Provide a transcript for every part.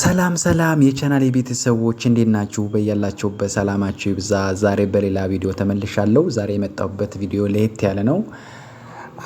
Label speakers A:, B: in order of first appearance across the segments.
A: ሰላም ሰላም የቻናል ቤተሰቦች እንዴት ናችሁ? በያላችሁበት ሰላማችሁ ይብዛ። ዛሬ በሌላ ቪዲዮ ተመልሻለሁ። ዛሬ የመጣሁበት ቪዲዮ ለየት ያለ ነው።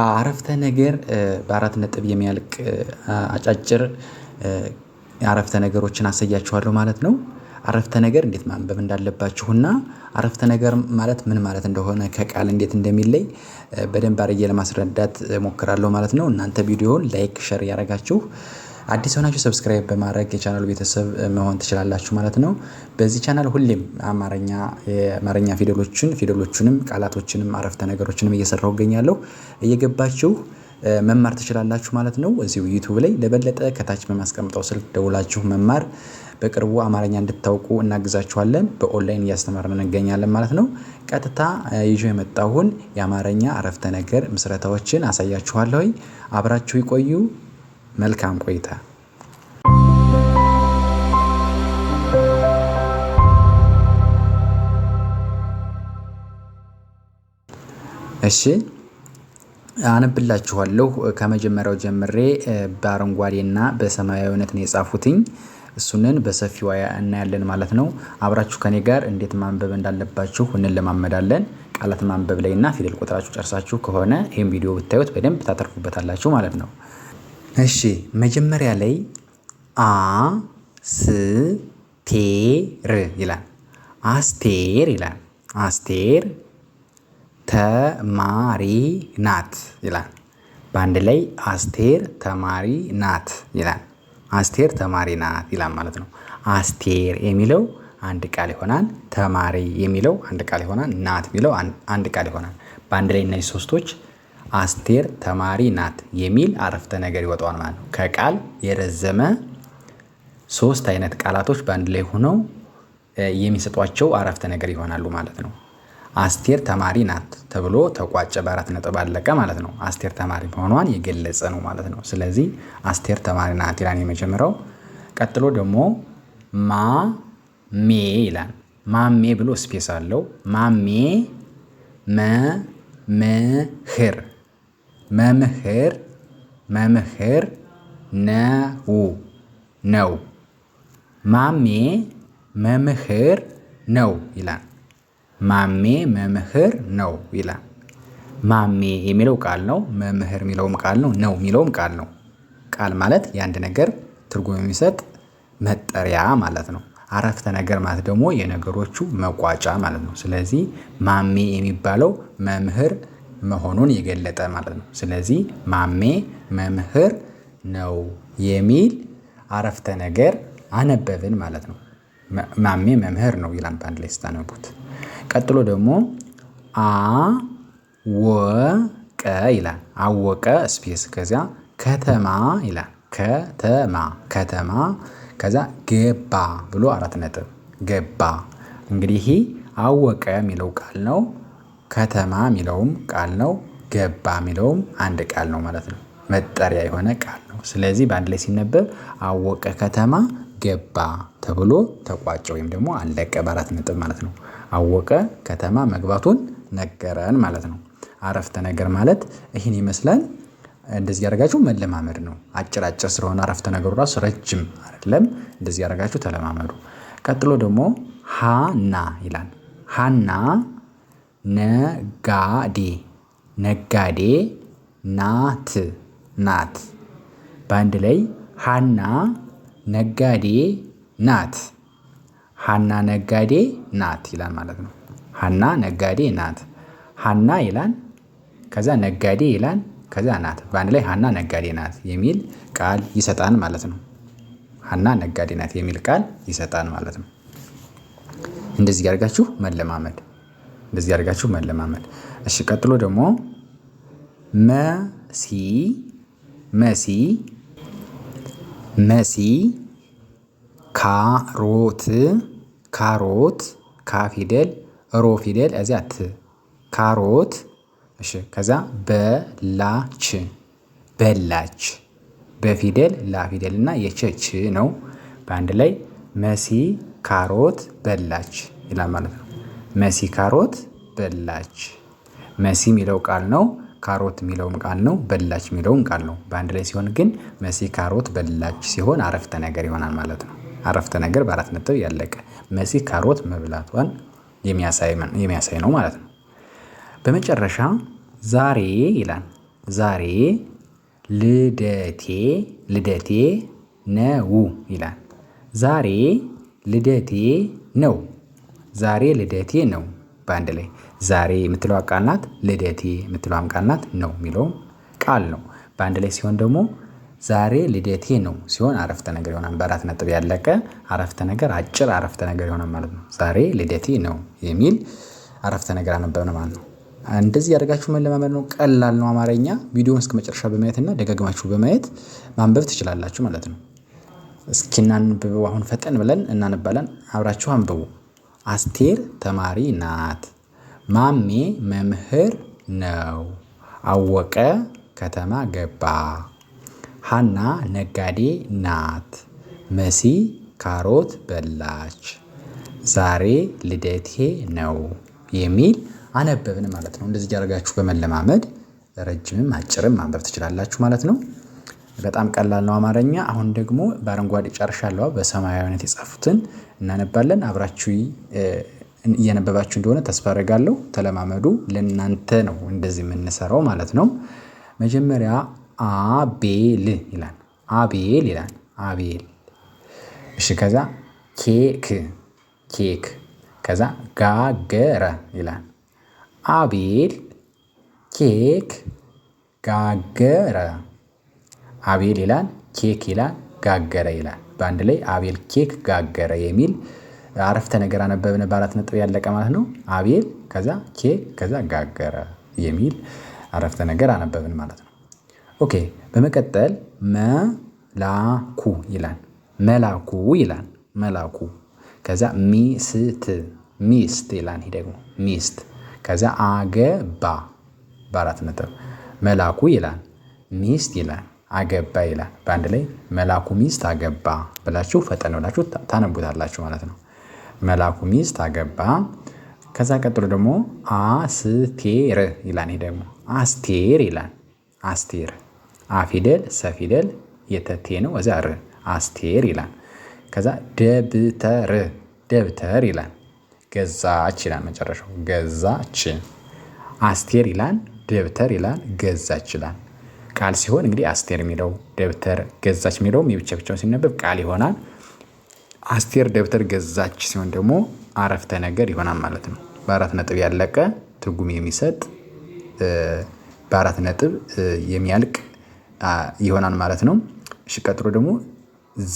A: አረፍተ ነገር በአራት ነጥብ የሚያልቅ አጫጭር አረፍተ ነገሮችን አሳያችኋለሁ ማለት ነው። አረፍተ ነገር እንዴት ማንበብ እንዳለባችሁና አረፍተ ነገር ማለት ምን ማለት እንደሆነ ከቃል እንዴት እንደሚለይ በደንብ አድርጌ ለማስረዳት ሞክራለሁ ማለት ነው። እናንተ ቪዲዮውን ላይክ፣ ሸር ያደረጋችሁ አዲስ ሆናችሁ ሰብስክራይብ በማድረግ የቻናሉ ቤተሰብ መሆን ትችላላችሁ ማለት ነው። በዚህ ቻናል ሁሌም አማርኛ የአማርኛ ፊደሎችን ፊደሎችንም ቃላቶችንም አረፍተ ነገሮችንም እየሰራው እገኛለሁ እየገባችሁ መማር ትችላላችሁ ማለት ነው። እዚሁ ዩቱብ ላይ ለበለጠ ከታች በማስቀምጠው ስልክ ደውላችሁ መማር በቅርቡ አማርኛ እንድታውቁ እናግዛችኋለን። በኦንላይን እያስተማርን እንገኛለን ማለት ነው። ቀጥታ ይዞ የመጣውን የአማርኛ አረፍተ ነገር ምስረታዎችን አሳያችኋለሁ። አብራችሁ ይቆዩ። መልካም ቆይታ
B: እሺ አነብላችኋለሁ። ከመጀመሪያው ጀምሬ በአረንጓዴና በሰማያዊነት ነው የጻፉትኝ። እሱንን በሰፊው እናያለን ማለት ነው። አብራችሁ ከኔ ጋር እንዴት ማንበብ እንዳለባችሁ እንለማመዳለን። ቃላት ማንበብ ላይ እና ፊደል ቁጥራችሁ ጨርሳችሁ ከሆነ ይህም ቪዲዮ ብታዩት በደንብ ታተርፉበታላችሁ ማለት ነው። እሺ መጀመሪያ ላይ አ ስ ቴ ር ይላል አስቴር ይላል አስቴር ተማሪ ናት ይላል። በአንድ ላይ አስቴር ተማሪ ናት ይላል። አስቴር ተማሪ ናት ይላል ማለት ነው። አስቴር የሚለው አንድ ቃል ይሆናል። ተማሪ የሚለው አንድ ቃል ይሆናል። ናት የሚለው አንድ ቃል ይሆናል። በአንድ ላይ እነዚህ ሶስቶች አስቴር ተማሪ ናት የሚል አረፍተ ነገር ይወጣዋል ማለት ነው። ከቃል የረዘመ ሶስት አይነት ቃላቶች በአንድ ላይ ሆነው የሚሰጧቸው አረፍተ ነገር ይሆናሉ ማለት ነው። አስቴር ተማሪ ናት ተብሎ ተቋጨ፣ በአራት ነጥብ አለቀ ማለት ነው። አስቴር ተማሪ መሆኗን የገለጸ ነው ማለት ነው። ስለዚህ አስቴር ተማሪ ናት ይላል የመጀመሪያው። ቀጥሎ ደግሞ ማሜ ይላል። ማሜ ብሎ ስፔስ አለው። ማሜ መምህር መምህር መምህር ነው ነው ማሜ መምህር ነው ይላል ማሜ መምህር ነው ይላል ማሜ የሚለው ቃል ነው መምህር የሚለውም ቃል ነው ነው የሚለውም ቃል ነው ቃል ማለት የአንድ ነገር ትርጉም የሚሰጥ መጠሪያ ማለት ነው አረፍተ ነገር ማለት ደግሞ የነገሮቹ መቋጫ ማለት ነው ስለዚህ ማሜ የሚባለው መምህር መሆኑን የገለጠ ማለት ነው። ስለዚህ ማሜ መምህር ነው የሚል አረፍተ ነገር አነበብን ማለት ነው። ማሜ መምህር ነው ይላል በአንድ ላይ ስታነቡት። ቀጥሎ ደግሞ አ ወቀ ይላል አወቀ ስፔስ ከዚያ ከተማ ይላል ከተማ ከተማ ከዛ ገባ ብሎ አራት ነጥብ ገባ። እንግዲህ አወቀ የሚለው ቃል ነው ከተማ የሚለውም ቃል ነው ገባ የሚለውም አንድ ቃል ነው ማለት ነው መጠሪያ የሆነ ቃል ነው። ስለዚህ በአንድ ላይ ሲነበብ አወቀ ከተማ ገባ ተብሎ ተቋጨ ወይም ደግሞ አለቀ በአራት ነጥብ ማለት ነው። አወቀ ከተማ መግባቱን ነገረን ማለት ነው። አረፍተ ነገር ማለት ይህን ይመስላል። እንደዚህ ያደረጋችሁ መለማመድ ነው አጭር አጭር ስለሆነ አረፍተ ነገሩ ራሱ ረጅም አይደለም እንደዚህ ያደረጋችሁ ተለማመዱ። ቀጥሎ ደግሞ ሃና ይላል ሃና ነጋዴ ነጋዴ ናት ናት በአንድ ላይ ሃና ነጋዴ ናት ሃና ነጋዴ ናት ይላል ማለት ነው። ሃና ነጋዴ ናት ሃና ይላል ከዛ ነጋዴ ይላል ከዛ ናት በአንድ ላይ ሃና ነጋዴ ናት የሚል ቃል ይሰጣል ማለት ነው። ሃና ነጋዴ ናት የሚል ቃል ይሰጣል ማለት ነው። እንደዚህ ያደርጋችሁ መለማመድ እንደዚህ አድርጋችሁ መለማመድ። እሺ ቀጥሎ ደግሞ መሲ መሲ መሲ ካሮት ካሮት ካ ፊደል ሮ ፊደል እዚ አት ካሮት። እሺ ከዛ በላች በላች በፊደል ላ ፊደል እና የቸች ነው በአንድ ላይ መሲ ካሮት በላች ይላል ማለት ነው። መሲ ካሮት በላች። መሲ የሚለው ቃል ነው። ካሮት የሚለውም ቃል ነው። በላች የሚለውም ቃል ነው። በአንድ ላይ ሲሆን ግን መሲ ካሮት በላች ሲሆን አረፍተ ነገር ይሆናል ማለት ነው። አረፍተ ነገር በአራት ነጥብ ያለቀ መሲ ካሮት መብላቷን የሚያሳይ ነው ማለት ነው። በመጨረሻ ዛሬ ይላል። ዛሬ ልደቴ ልደቴ ነው ይላል። ዛሬ ልደቴ ነው ዛሬ ልደቴ ነው በአንድ ላይ ዛሬ የምትለዋ ቃል ናት። ልደቴ የምትለዋም ቃል ናት። ነው የሚለውም ቃል ነው። በአንድ ላይ ሲሆን ደግሞ ዛሬ ልደቴ ነው ሲሆን አረፍተ ነገር የሆነ በአራት ነጥብ ያለቀ አረፍተ ነገር፣ አጭር አረፍተ ነገር የሆነ ማለት ነው። ዛሬ ልደቴ ነው የሚል አረፍተ ነገር አነበብን ማለት ነው። እንደዚህ ያደርጋችሁ መለማመድ ነው። ቀላል ነው አማርኛ። ቪዲዮን እስከ መጨረሻ በማየትና ደጋግማችሁ በማየት ማንበብ ትችላላችሁ ማለት ነው። እስኪ እናንብበው አሁን ፈጠን ብለን እናነባለን። አብራችሁ አንብቡ። አስቴር ተማሪ ናት። ማሜ መምህር ነው። አወቀ ከተማ ገባ። ሃና ነጋዴ ናት። መሲ ካሮት በላች። ዛሬ ልደቴ ነው የሚል አነበብን ማለት ነው። እንደዚህ ያደርጋችሁ በመለማመድ ረጅምም አጭርም ማንበብ ትችላላችሁ ማለት ነው። በጣም ቀላል ነው አማርኛ። አሁን ደግሞ በአረንጓዴ ጨርሻለሁ በሰማያዊነት የጻፉትን እናነባለን አብራችሁ እየነበባችሁ እንደሆነ ተስፋ አደርጋለሁ ተለማመዱ። ለእናንተ ነው እንደዚህ የምንሰራው ማለት ነው። መጀመሪያ አቤል ይላል አቤል ይላል አቤል። እሺ ከዛ ኬክ ኬክ ከዛ ጋገረ ይላል አቤል ኬክ ጋገረ አቤል ይላል ኬክ ይላል ጋገረ ይላል በአንድ ላይ አቤል ኬክ ጋገረ የሚል አረፍተ ነገር አነበብን። በአራት ነጥብ ያለቀ ማለት ነው። አቤል ከዛ ኬክ ከዛ ጋገረ የሚል አረፍተ ነገር አነበብን ማለት ነው። ኦኬ በመቀጠል መላኩ ይላል መላኩ ይላል መላኩ ከዛ ሚስት ሚስት ይላል ይሄ ደግሞ ሚስት ከዛ አገባ በአራት ነጥብ መላኩ ይላል ሚስት ይላል አገባ ይላል በአንድ ላይ መላኩ ሚስት አገባ ብላችሁ ፈጠን ብላችሁ ታነቡታላችሁ ማለት ነው። መላኩ ሚስት አገባ። ከዛ ቀጥሎ ደግሞ አስቴር ይላል። ይሄ ደግሞ አስቴር ይላል። አስቴር አፊደል ሰፊደል የተቴ ነው። እዛ ር አስቴር ይላል። ከዛ ደብተር ደብተር ይላል። ገዛች ይላል። መጨረሻው ገዛች። አስቴር ይላል። ደብተር ይላል። ገዛች ይላል። ቃል ሲሆን እንግዲህ አስቴር የሚለው ደብተር ገዛች የሚለውም የብቻ ብቻውን ሲነበብ ቃል ይሆናል። አስቴር ደብተር ገዛች ሲሆን ደግሞ አረፍተ ነገር ይሆናል ማለት ነው። በአራት ነጥብ ያለቀ ትርጉም የሚሰጥ በአራት ነጥብ የሚያልቅ ይሆናል ማለት ነው። እሺ ቀጥሎ ደግሞ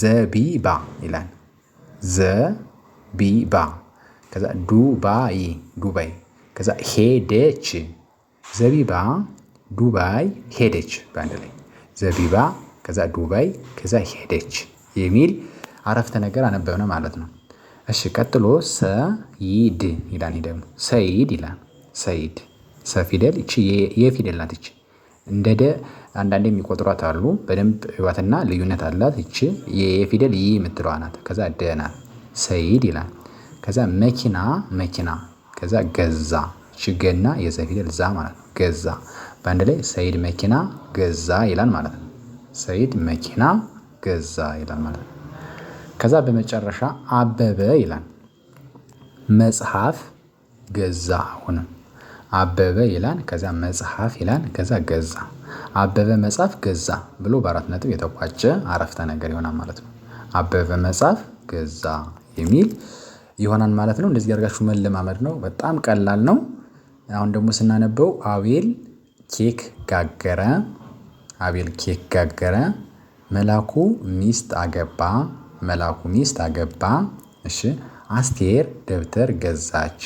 B: ዘቢባ ይላል። ዘቢባ ከዛ ዱባይ ዱባይ ከዛ ሄደች ዘቢባ ዱባይ ሄደች በአንድ ላይ ዘቢባ ከዛ ዱባይ ከዛ ሄደች የሚል አረፍተ ነገር አነበብነ ማለት ነው። እሺ ቀጥሎ ሰይድ ይላል። ይህ ደግሞ ሰይድ ይላል። ሰይድ ሰፊደል እቺ የፊደል ናት። እቺ እንደ ደ አንዳንድ የሚቆጥሯት አሉ። በደንብ ህዋትና ልዩነት አላት። እቺ የፊደል ይ የምትለዋ ናት። ከዛ ደ ናት። ሰይድ ይላል። ከዛ መኪና መኪና ከዛ ገዛ ችገና የዘፊደል ዛ ማለት ነው። ገዛ። በአንድ ላይ ሰይድ መኪና ገዛ ይላል ማለት ነው። ሰይድ መኪና ገዛ ይላል ማለት ነው። ከዛ በመጨረሻ አበበ ይላል መጽሐፍ ገዛ። አሁንም አበበ ይላል፣ ከዛ መጽሐፍ ይላል፣ ከዛ ገዛ። አበበ መጽሐፍ ገዛ ብሎ በአራት ነጥብ የተቋጨ አረፍተ ነገር ይሆናል ማለት ነው። አበበ መጽሐፍ ገዛ የሚል ይሆናል ማለት ነው። እንደዚህ ያርጋችሁ መለማመድ ነው። በጣም ቀላል ነው። አሁን ደግሞ ስናነበው አቤል ኬክ ጋገረ አቤል ኬክ ጋገረ። መላኩ ሚስት አገባ መላኩ ሚስት አገባ። እሺ አስቴር ደብተር ገዛች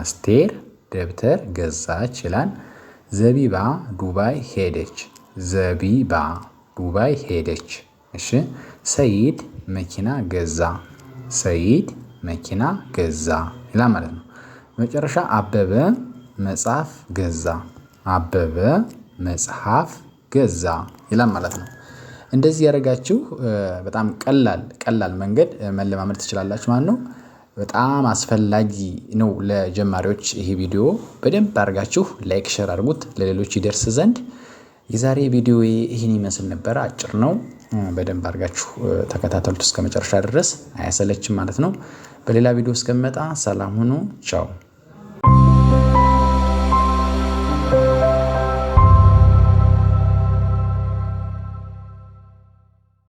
B: አስቴር ደብተር ገዛች ይላል። ዘቢባ ዱባይ ሄደች ዘቢባ ዱባይ ሄደች። እሺ ሰይድ መኪና ገዛ ሰይድ መኪና ገዛ ይላል ማለት ነው። መጨረሻ አበበ መጽሐፍ ገዛ አበበ መጽሐፍ ገዛ ይላል ማለት ነው። እንደዚህ ያደረጋችሁ በጣም ቀላል ቀላል መንገድ መለማመድ ትችላላችሁ ማለት ነው። በጣም አስፈላጊ ነው ለጀማሪዎች ይሄ ቪዲዮ በደንብ አድርጋችሁ ላይክ ሼር አድርጉት ለሌሎች ይደርስ ዘንድ። የዛሬ ቪዲዮ ይህን ይመስል ነበር። አጭር ነው። በደንብ አድርጋችሁ ተከታተሉት እስከ መጨረሻ ድረስ አያሰለችም ማለት ነው። በሌላ ቪዲዮ እስከመጣ ሰላም ሁኑ። ቻው